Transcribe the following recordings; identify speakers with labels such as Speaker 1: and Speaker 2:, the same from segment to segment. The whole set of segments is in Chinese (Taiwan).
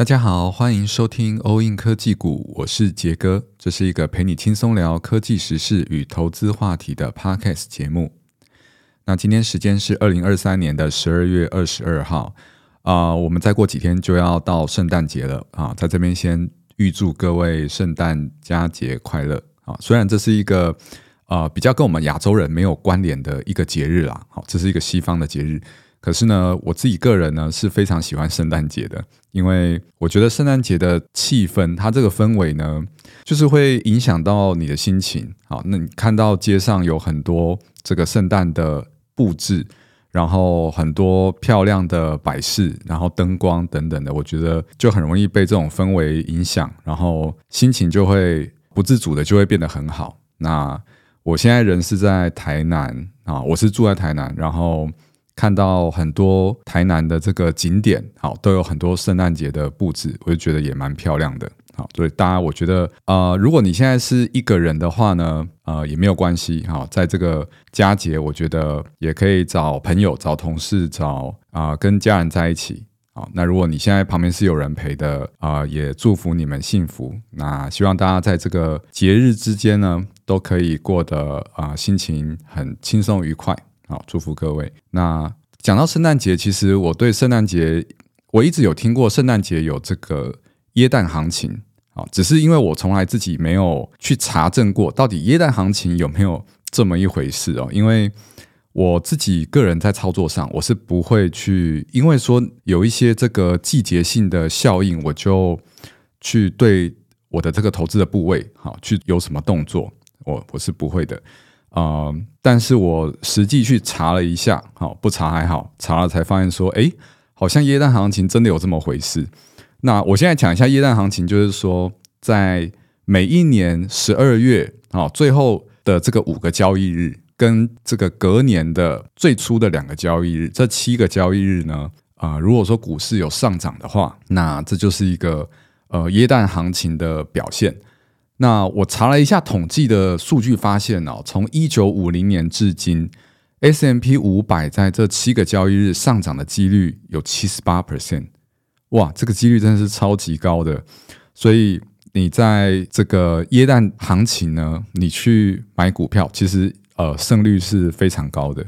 Speaker 1: 大家好，歡迎收聽歐印科技股，我是傑哥。這是一個陪你輕鬆聊科技時事與投資話題的 podcast 節目。那今天時間是二零二三年的十二月二十二號，啊，我們再過幾天就要到聖誕節了啊，在這邊先預祝各位聖誕佳節快樂啊！雖然這是一個呃比較跟我們亞洲人沒有關聯的一個節日啦，好，這是一個西方的節日。可是呢，我自己個人呢是非常喜歡聖誕節的，因為我覺得聖誕節的氣氛，它這個氛圍呢，就是會影響到你的心情。好，那你看到街上有很多這個聖誕的布置，然後很多漂亮的擺飾，然後燈光等等的，我覺得就很容易被這種氛圍影響，然後心情就會不自主的就會變得很好。那我現在人是在台南啊，我是住在台南，然後。看到很多台南的這個景點，好，都有很多聖誕節的布置，我就覺得也蠻漂亮的。好，所以大家我覺得，呃，如果你現在是一個人的話呢，呃，也沒有關係。好，在這個佳節，我覺得也可以找朋友、找同事、找啊，呃，跟家人在一起。好，那如果你現在旁邊是有人陪的啊，呃，也祝福你們幸福。那希望大家在這個節日之間呢，都可以過得啊，呃，心情很輕鬆愉快。好，祝福各位。那講到聖誕節，其實我對聖誕節，我一直有聽過聖誕節有這個耶誕行情哦。只是因為我從來自己沒有去查證過，到底耶誕行情有沒有這麼一回事哦。因為我自己個人在操作上，我是不會去，因為說有一些這個季節性的效應，我就去對我的這個投資的部位，好去有什麼動作，我我是不會的。啊、呃。但是我實際去查了一下，好不查還好，查了才發現說，誒，好像耶誕行情真的有這麼回事。那我現在講一下耶誕行情，就是說在每一年十二月啊最後的這個五個交易日，跟這個隔年的最初的兩個交易日，這七個交易日呢啊，呃，如果說股市有上漲的話，那這就是一個呃耶誕行情的表現。那我查了一下統計的數據，發現哦，從一九五零年至今，S&P 五百在這七個交易日上漲的幾率有七十八 percent，哇，這個幾率真的是超級高的。所以你在這個耶誕行情呢，你去買股票，其實呃勝率是非常高的。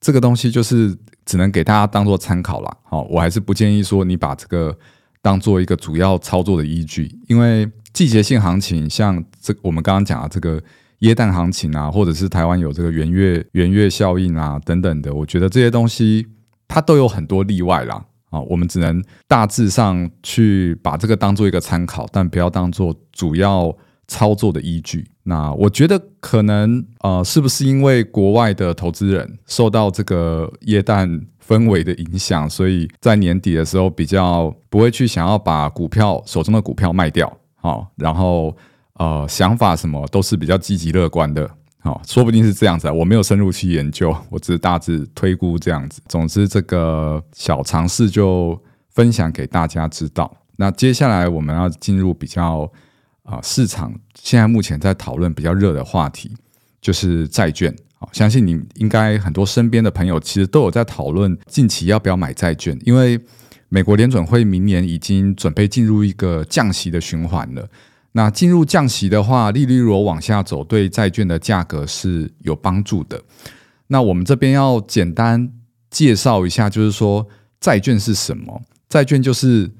Speaker 1: 這個東西就是只能給大家當做參考啦。好、哦，我還是不建議說你把這個當做一個主要操作的依據，因為。季節性行情，像這個我們剛剛講的這個耶誕行情啊，或者是台灣有這個元月元月效應啊、等等的，我覺得這些東西它都有很多例外啦。啊，我們只能大致上去把這個當做一個參考，但不要當做主要操作的依據。那我覺得可能呃，是不是因為國外的投資人受到這個耶誕氛圍的影響，所以在年底的時候比較不會去想要把股票手中的股票賣掉。好，然後呃，想法什麼都是比較積極樂觀的。好，哦，說不定是這樣子，我沒有深入去研究，我只是大致推估這樣子。總之，這個小嘗試就分享給大家知道。那接下來我們要進入比較啊、呃、市場，現在目前在討論比較熱的話題就是債券，哦。相信你應該很多身邊的朋友其實都有在討論近期要不要買債券，因為。美國聯準會明年已經準備進入一個降息的循環了。那進入降息的話，利率如果往下走，對債券的價格是有幫助的。那我們這邊要簡單介紹一下，就是說債券是什麼？債券就是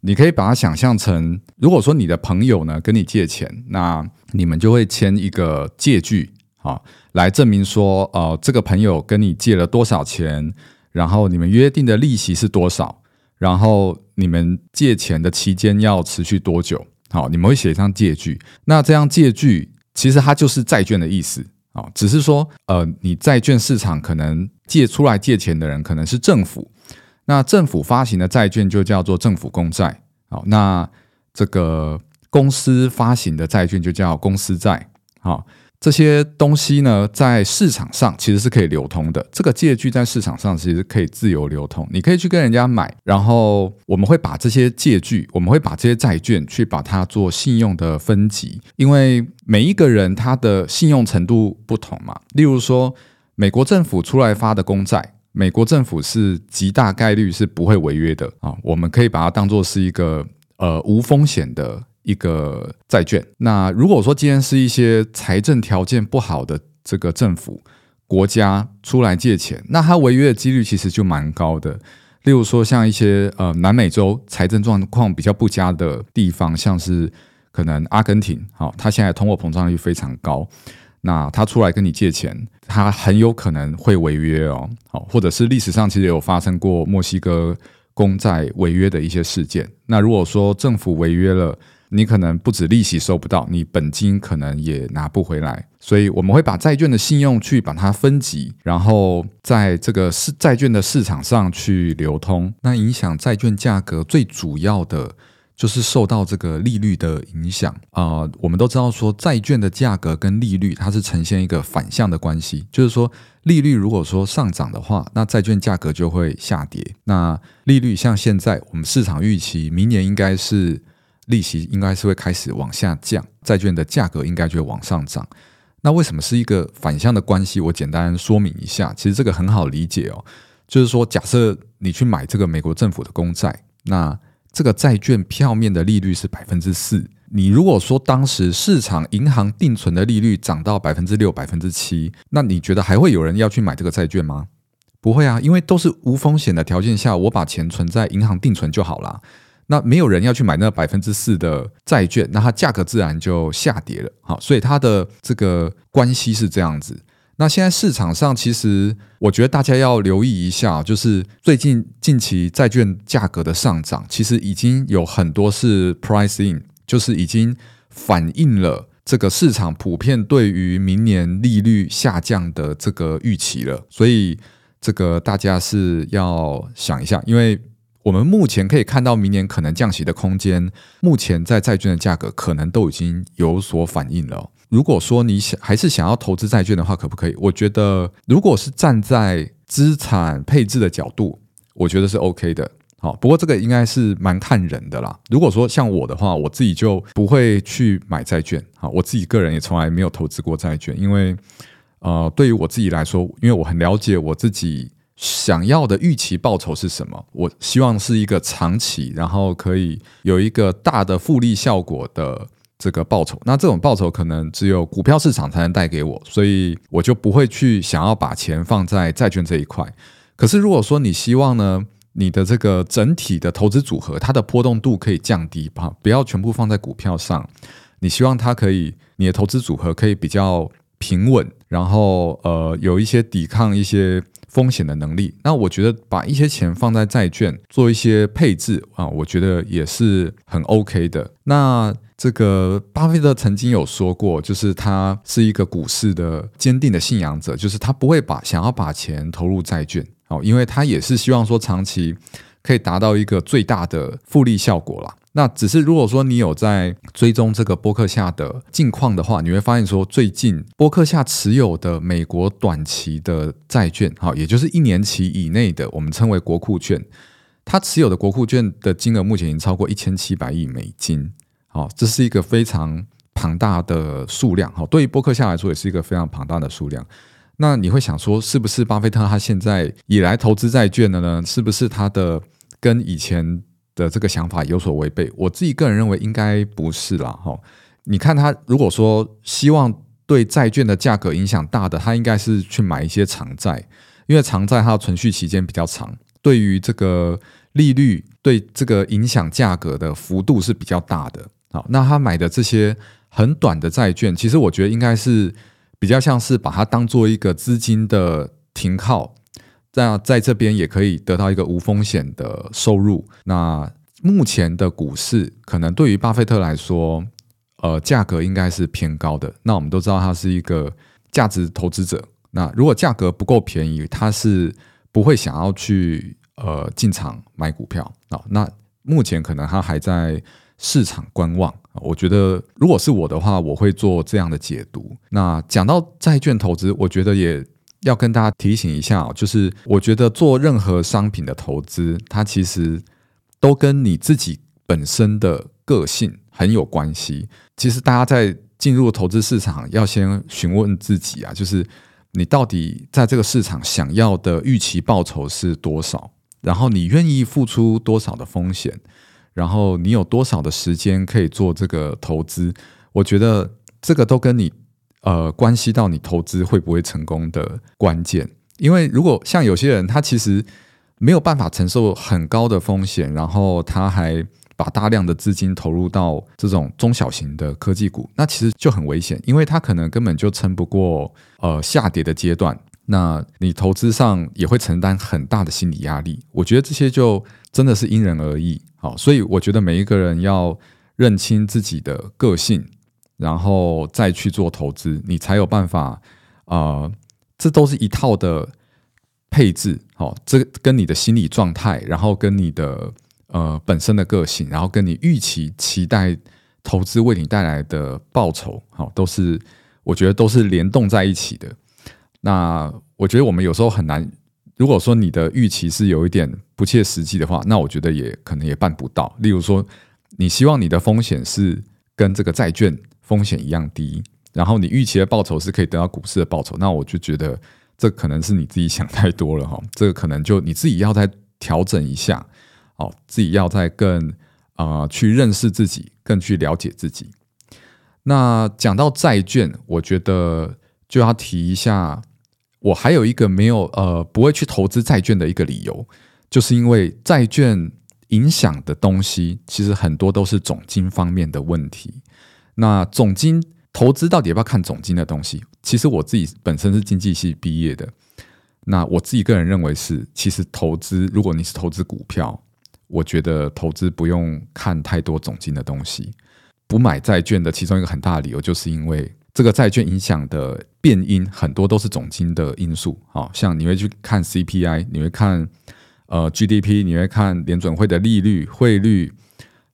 Speaker 1: 你可以把它想象成，如果說你的朋友呢跟你借錢，那你們就會簽一個借據啊，來證明說，呃，這個朋友跟你借了多少錢，然後你們約定的利息是多少。然後你們借錢的期間要持續多久？好，你們會寫上借據。那這張借據其實它就是債券的意思啊，只是說呃，你債券市場可能借出來借錢的人可能是政府，那政府發行的債券就叫做政府公債。好，那這個公司發行的債券就叫公司債。好。這些東西呢，在市場上其實是可以流通的，這個借據在市場上其實可以自由流通，你可以去跟人家買。然後我們會把這些借據，我們會把這些債券去把它做信用的分級，因為每一個人他的信用程度不同嘛。例如說，美國政府出來發的公債，美國政府是極大概率，是不會違約的啊，我們可以把它當作是一個呃無風險的。一個債券，那如果說今天是一些財政條件不好的這個政府國家出來借錢，那它違約的幾率其實就蠻高的。例如說，像一些呃南美洲財政狀況比較不佳的地方，像是可能阿根廷，好，哦，它現在通貨膨脹率非常高，那它出來跟你借錢，它很有可能會違約哦。好，或者是歷史上其實有發生過墨西哥公債違約的一些事件。那如果說政府違約了，你可能不止利息收不到，你本金可能也拿不回來。所以我們會把債券的信用去把它分級，然後在這個市債券的市場上去流通。那影響債券價格最主要的就是受到這個利率的影響啊。我們都知道說，債券的價格跟利率它是呈現一個反向的關係，就是說利率如果說上漲的話，那債券價格就會下跌。那利率像現在我們市場預期明年應該是。利息應該是會開始往下降，債券的價格應該就會往上漲。那為什麼是一個反向的關係？我簡單說明一下，其實這個很好理解哦。就是說，假設你去買這個美國政府的公債，那這個債券票面的利率是百分之四，你如果說當時市場銀行定存的利率漲到百分之六、百分之七，那你覺得還會有人要去買這個債券嗎？不會啊，因為都是無風險的條件下，我把錢存在銀行定存就好了。那沒有人要去買那百分之四的債券，那它價格自然就下跌了。好，所以它的這個關係是這樣子。那現在市場上，其實我覺得大家要留意一下，就是最近近期債券價格的上漲，其實已經有很多是 pricing，就是已經反映了這個市場普遍對於明年利率下降的這個預期了。所以這個大家是要想一下，因為。我們目前可以看到，明年可能降息的空間，目前在債券的價格可能都已經有所反應了。如果說你想還是想要投資債券的話，可不可以？我覺得，如果是站在資產配置的角度，我覺得是 OK 的。好，不過這個應該是蠻看人的啦。如果說像我的話，我自己就不會去買債券。好，我自己個人也從來沒有投資過債券，因為呃，對於我自己來說，因為我很了解我自己。想要的預期報酬是什麼？我希望是一個長期，然後可以有一個大的複利效果的這個報酬。那這種報酬可能只有股票市場才能帶給我，所以我就不會去想要把錢放在債券這一塊。可是如果說你希望呢，你的這個整體的投資組合它的波動度可以降低，不要全部放在股票上，你希望它可以，你的投資組合可以比較平穩，然後呃，有一些抵抗一些。風險的能力，那我覺得把一些錢放在債券做一些配置啊，我覺得也是很 OK 的。那這個巴菲特曾經有說過，就是他是一個股市的堅定的信仰者，就是他不會把想要把錢投入債券，哦，因為他也是希望說長期。可以達到一個最大的複利效果啦。那只是如果說你有在追蹤這個波克夏的近況的話，你會發現說，最近波克夏持有的美國短期的債券，好，也就是一年期以內的，我們稱為國庫券，它持有的國庫券的金額目前已經超過一千七百億美金，好，這是一個非常龐大的數量，好，對於波克夏來說也是一個非常龐大的數量。那你會想說，是不是巴菲特他現在也來投資債券了呢？是不是他的跟以前的這個想法有所違背？我自己個人認為應該不是啦。哈，你看他如果說希望對債券的價格影響大的，他應該是去買一些長債，因為長債它的存續期間比較長，對於這個利率對這個影響價格的幅度是比較大的。好，那他買的這些很短的債券，其實我覺得應該是。比較像是把它當做一個資金的停靠，那在這邊也可以得到一個無風險的收入。那目前的股市可能對於巴菲特來說，呃，價格應該是偏高的。那我們都知道他是一個價值投資者，那如果價格不夠便宜，他是不會想要去呃進場買股票啊、哦。那目前可能他還在。市場觀望，我覺得如果是我的話，我會做這樣的解讀。那講到債券投資，我覺得也要跟大家提醒一下，就是我覺得做任何商品的投資，它其實都跟你自己本身的個性很有關係。其實大家在進入投資市場，要先詢問自己啊，就是你到底在這個市場想要的預期報酬是多少，然後你願意付出多少的風險。然後你有多少的時間可以做這個投資？我覺得這個都跟你呃關係到你投資會不會成功的關鍵。因為如果像有些人，他其實沒有辦法承受很高的風險，然後他還把大量的資金投入到這種中小型的科技股，那其實就很危險，因為他可能根本就撐不過呃下跌的階段。那你投資上也會承擔很大的心理壓力，我覺得這些就真的是因人而異，好，所以我覺得每一個人要認清自己的個性，然後再去做投資，你才有辦法，啊，這都是一套的配置，好，這跟你的心理狀態，然後跟你的呃本身的個性，然後跟你預期期待投資為你帶來的報酬，好，都是我覺得都是聯動在一起的。那我覺得我們有時候很難。如果說你的預期是有一點不切實際的話，那我覺得也可能也辦不到。例如說，你希望你的風險是跟這個債券風險一樣低，然後你預期的報酬是可以得到股市的報酬，那我就覺得這可能是你自己想太多了哈、哦。這個可能就你自己要再調整一下，哦，自己要再更啊、呃、去認識自己，更去了解自己。那講到債券，我覺得就要提一下。我還有一個沒有呃不會去投資債券的一個理由，就是因為債券影響的東西其實很多都是總經方面的問題。那總經投資到底要不要看總經的東西？其實我自己本身是經濟系畢業的，那我自己個人認為是，其實投資如果你是投資股票，我覺得投資不用看太多總經的東西。不買債券的其中一個很大的理由，就是因為這個債券影響的變因很多都是總經的因素，好像你會去看 CPI，你會看呃 GDP，你會看聯準會的利率、匯率，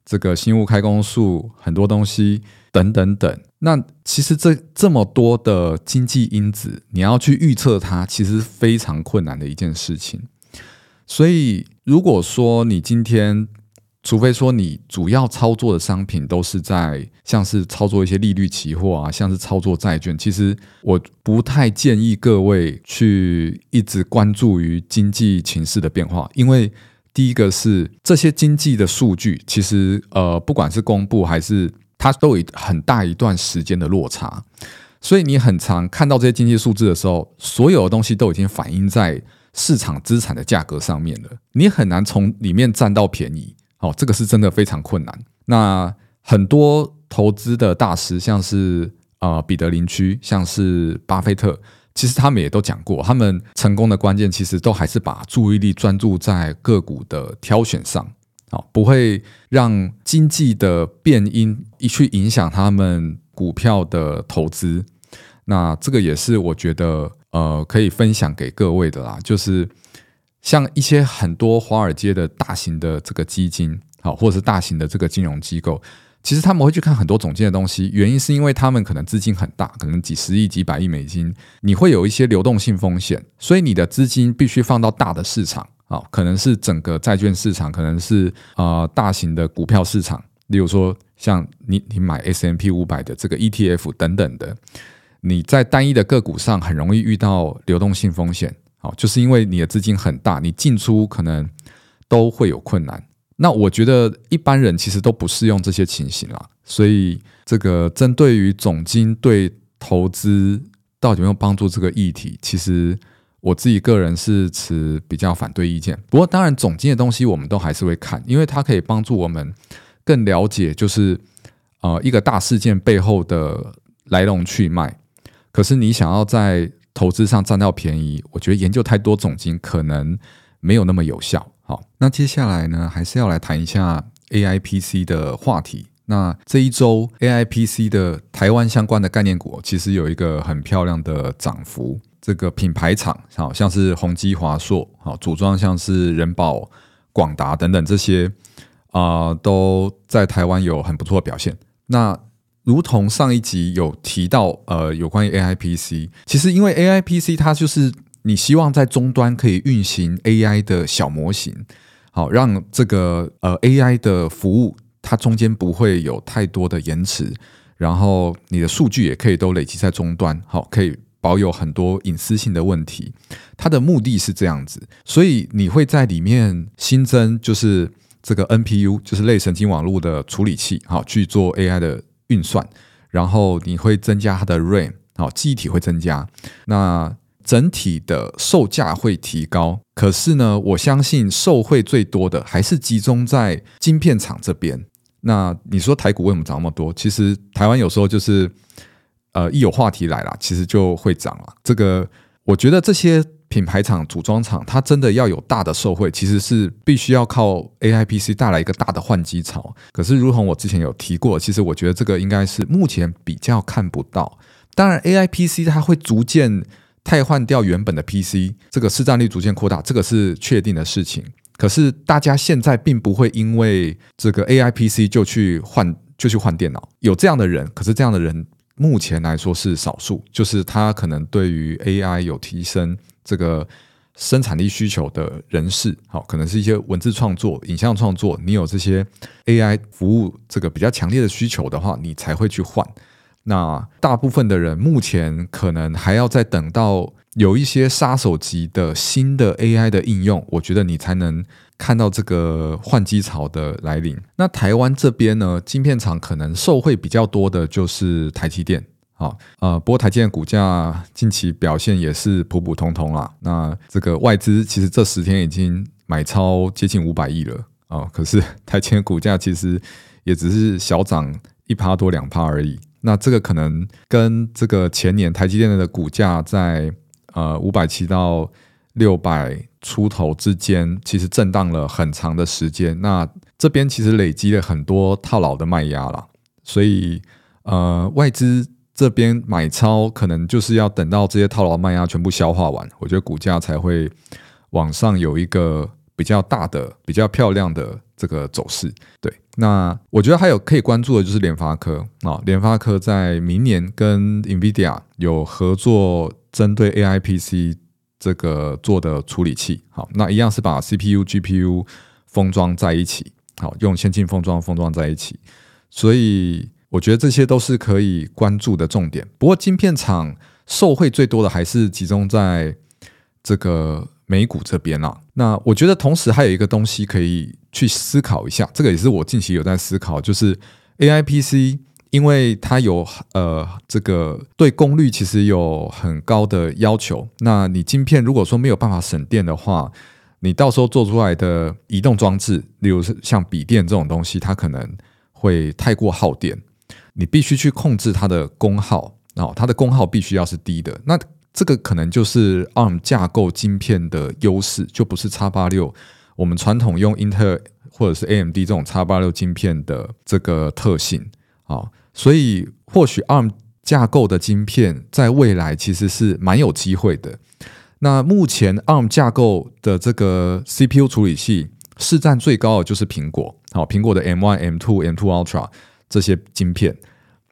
Speaker 1: 這個新屋開工數，很多東西等等等。那其實這這麼多的經濟因子，你要去預測它，其實非常困難的一件事情。所以，如果說你今天除非說你主要操作的商品都是在像是操作一些利率期貨啊，像是操作債券，其實我不太建議各位去一直關注於經濟情勢的變化，因為第一個是這些經濟的數據其實呃不管是公布還是它都有很大一段時間的落差，所以你很常看到這些經濟數字的時候，所有的東西都已經反映在市場資產的價格上面了，你很難從裡面占到便宜。哦，這個是真的非常困難。那很多投資的大師，像是啊、呃、彼得林區，像是巴菲特，其實他們也都講過，他們成功的關鍵其實都還是把注意力專注在個股的挑選上，啊、哦，不會讓經濟的變因一去影響他們股票的投資。那這個也是我覺得呃可以分享給各位的啦，就是。像一些很多華爾街的大型的這個基金，好、哦、或者是大型的這個金融機構，其實他們會去看很多總經的東西，原因是因為他們可能資金很大，可能幾十億、幾百億美金，你會有一些流動性風險，所以你的資金必須放到大的市場，啊、哦，可能是整個債券市場，可能是啊、呃、大型的股票市場，例如說像你你買 S&P 五百的這個 ETF 等等的，你在單一的個股上很容易遇到流動性風險。哦，就是因為你的資金很大，你進出可能都會有困難。那我覺得一般人其實都不適用這些情形啦。所以，這個針對於總經對投資到底有沒有幫助這個議題，其實我自己個人是持比較反對意見。不過，當然總經的東西我們都還是會看，因為它可以幫助我們更了解，就是呃一個大事件背後的來龍去脈。可是，你想要在投資上占到便宜，我覺得研究太多總經可能沒有那麼有效。好，那接下來呢，還是要來談一下 AIPC 的話題。那這一周 AIPC 的台灣相關的概念股其實有一個很漂亮的漲幅。這個品牌廠好，像是宏碁、華碩，好組裝像是仁寶、廣達等等這些啊、呃，都在台灣有很不錯的表現。那如同上一集有提到，呃，有關於 AIPC，其實因為 AIPC 它就是你希望在終端可以運行 AI 的小模型，好，讓這個呃 AI 的服務它中間不會有太多的延遲，然後你的數據也可以都累積在終端，好，可以保有很多隱私性的問題，它的目的是這樣子，所以你會在裡面新增就是這個 NPU，就是類神經網絡的處理器，好，去做 AI 的。運算，然後你會增加它的 RAM，好，記憶體會增加，那整體的售價會提高。可是呢，我相信受惠最多的還是集中在晶片廠這邊。那你說台股為什麼漲那麼多？其實台灣有時候就是，呃，一有話題來啦，其實就會漲啦。這個我覺得這些，品牌廠、組裝廠，它真的要有大的受惠，其實是必須要靠 A I P C 帶來一個大的換機潮。可是，如同我之前有提過，其實我覺得這個應該是目前比較看不到。當然，A I P C 它會逐漸替換掉原本的 P C，這個市占率逐漸擴大，這個是確定的事情。可是，大家現在並不會因為這個 A I P C 就去換就去換電腦，有這樣的人，可是這樣的人。目前來說是少數，就是他可能對於 AI 有提升這個生產力需求的人士，好，可能是一些文字創作、影像創作，你有這些 AI 服務這個比較強烈的需求的話，你才會去換。那大部分的人目前可能還要再等到。有一些殺手級的新的 AI 的應用，我覺得你才能看到這個換機潮的來臨。那台灣這邊呢，晶片廠可能受惠比較多的就是台積電啊、哦。呃，不過台積電的股價近期表現也是普普通通啦。那這個外資其實這十天已經買超接近五百億了啊、哦，可是台積電的股價其實也只是小漲一趴多兩趴而已。那這個可能跟這個前年台積電的股價在呃，五百七到六百出頭之間，其實震盪了很長的時間。那這邊其實累積了很多套牢的賣壓啦，所以呃，外資這邊買超可能就是要等到這些套牢賣壓全部消化完，我覺得股價才會往上有一個。比較大的，比較漂亮的這個走勢，對，那我覺得還有可以關注的就是聯發科啊，聯發科在明年跟 NVIDIA 有合作，針對 AI PC 這個做的處理器，好，那一樣是把 CPU GPU 封裝在一起，好，用先進封裝封裝在一起，所以我覺得這些都是可以關注的重點。不過，晶片廠受惠最多的還是集中在這個。美股這邊啊，那我覺得同時還有一個東西可以去思考一下，這個也是我近期有在思考，就是 AIPC，因為它有呃這個對功率其實有很高的要求，那你晶片如果說沒有辦法省電的話，你到時候做出來的移動裝置，例如是像筆電這種東西，它可能會太過耗電，你必須去控制它的功耗，然後、哦、它的功耗必須要是低的，那。這個可能就是 ARM 架構晶片的優勢，就不是 X86。我們傳統用 Intel 或者是 AMD 這種 X86 晶片的這個特性啊，所以或許 ARM 架構的晶片在未來其實是蠻有機會的。那目前 ARM 架構的這個 CPU 處理器市占最高的就是蘋果，好，蘋果的 M1、M2、M2 Ultra 這些晶片，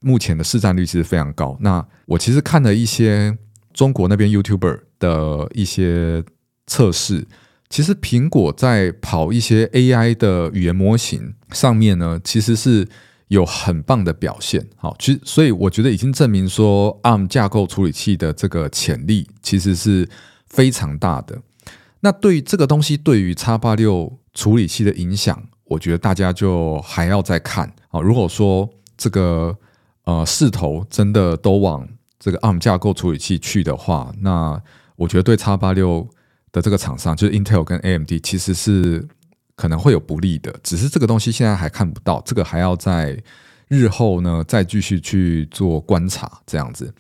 Speaker 1: 目前的市占率其實非常高。那我其實看了一些。中國那邊 YouTuber 的一些測試，其實蘋果在跑一些 AI 的語言模型上面呢，其實是有很棒的表現。好，其實所以我覺得已經證明說 ARM 架構處理器的這個潛力其實是非常大的。那對於這個東西對於 X86 處理器的影響，我覺得大家就還要再看。好，如果說這個呃勢頭真的都往。這個 Arm 架構處理器去的話，那我覺得對 X86 的這個廠商，就是 Intel 跟 AMD，其實是可能會有不利的。只是這個東西現在還看不到，這個還要在日後呢再繼續去做觀察這樣子。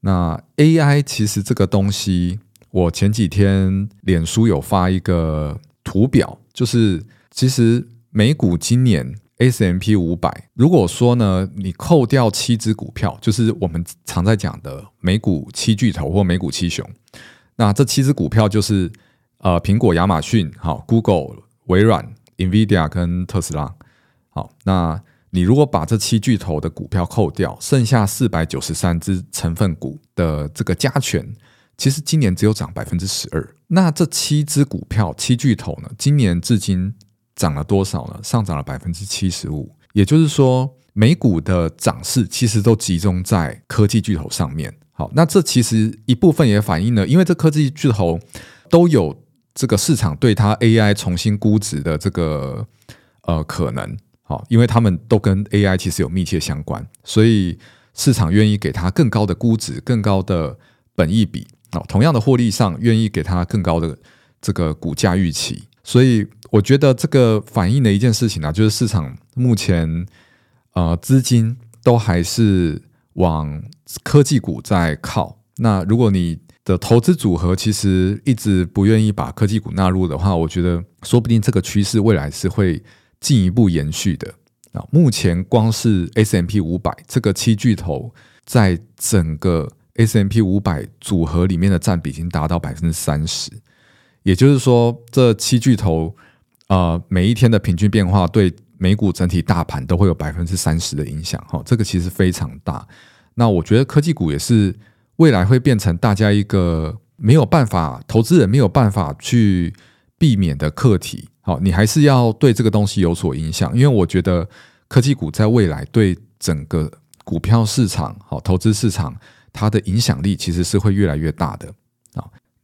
Speaker 1: 那 AI 其實這個東西，我前幾天臉書有發一個圖表，就是其實美股今年。S&P 五百，如果說呢，你扣掉七隻股票，就是我們常在講的美股七巨頭或美股七雄，那這七隻股票就是呃，蘋果、亞馬遜、好、Google、微軟、NVIDIA 跟特斯拉。好，那你如果把這七巨頭的股票扣掉，剩下四百九十三隻成分股的這個加權，其實今年只有漲百分之十二。那這七隻股票七巨頭呢，今年至今。漲了多少呢？上漲了百分之七十五，也就是說，美股的漲勢其實都集中在科技巨頭上面。好，那這其實一部分也反映了，因為這科技巨頭都有這個市場對它 AI 重新估值的這個呃可能。好，因為他們都跟 AI 其實有密切相關，所以市場願意給它更高的估值，更高的本益比。啊，哦，同樣的獲利上，願意給它更高的這個股價預期，所以。我覺得這個反映的一件事情啊，就是市場目前呃資金都還是往科技股在靠。那如果你的投資組合其實一直不願意把科技股納入的話，我覺得說不定這個趨勢未來是會進一步延續的啊。目前光是 S&P 500這個七巨頭在整個 S&P 500組合裡面的佔比已經達到百分之三十，也就是說這七巨頭。呃，每一天的平均變化對美股整體大盤都會有百分之三十的影響，哈，這個其實非常大。那我覺得科技股也是未來會變成大家一個沒有辦法，投資人沒有辦法去避免的課題。好、哦，你還是要對這個東西有所影響，因為我覺得科技股在未來對整個股票市場、好、哦、投資市場，它的影響力其實是會越來越大的。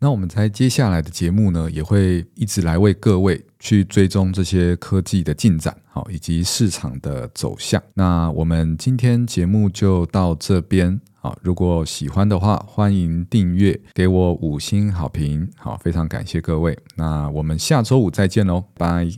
Speaker 1: 那我們在接下來的節目呢，也會一直來為各位去追蹤這些科技的進展，好，以及市場的走向。那我們今天節目就到這邊，好，如果喜歡的話，歡迎訂閱，給我五星好評，好，非常感謝各位。那我們下周五再見嘍，拜。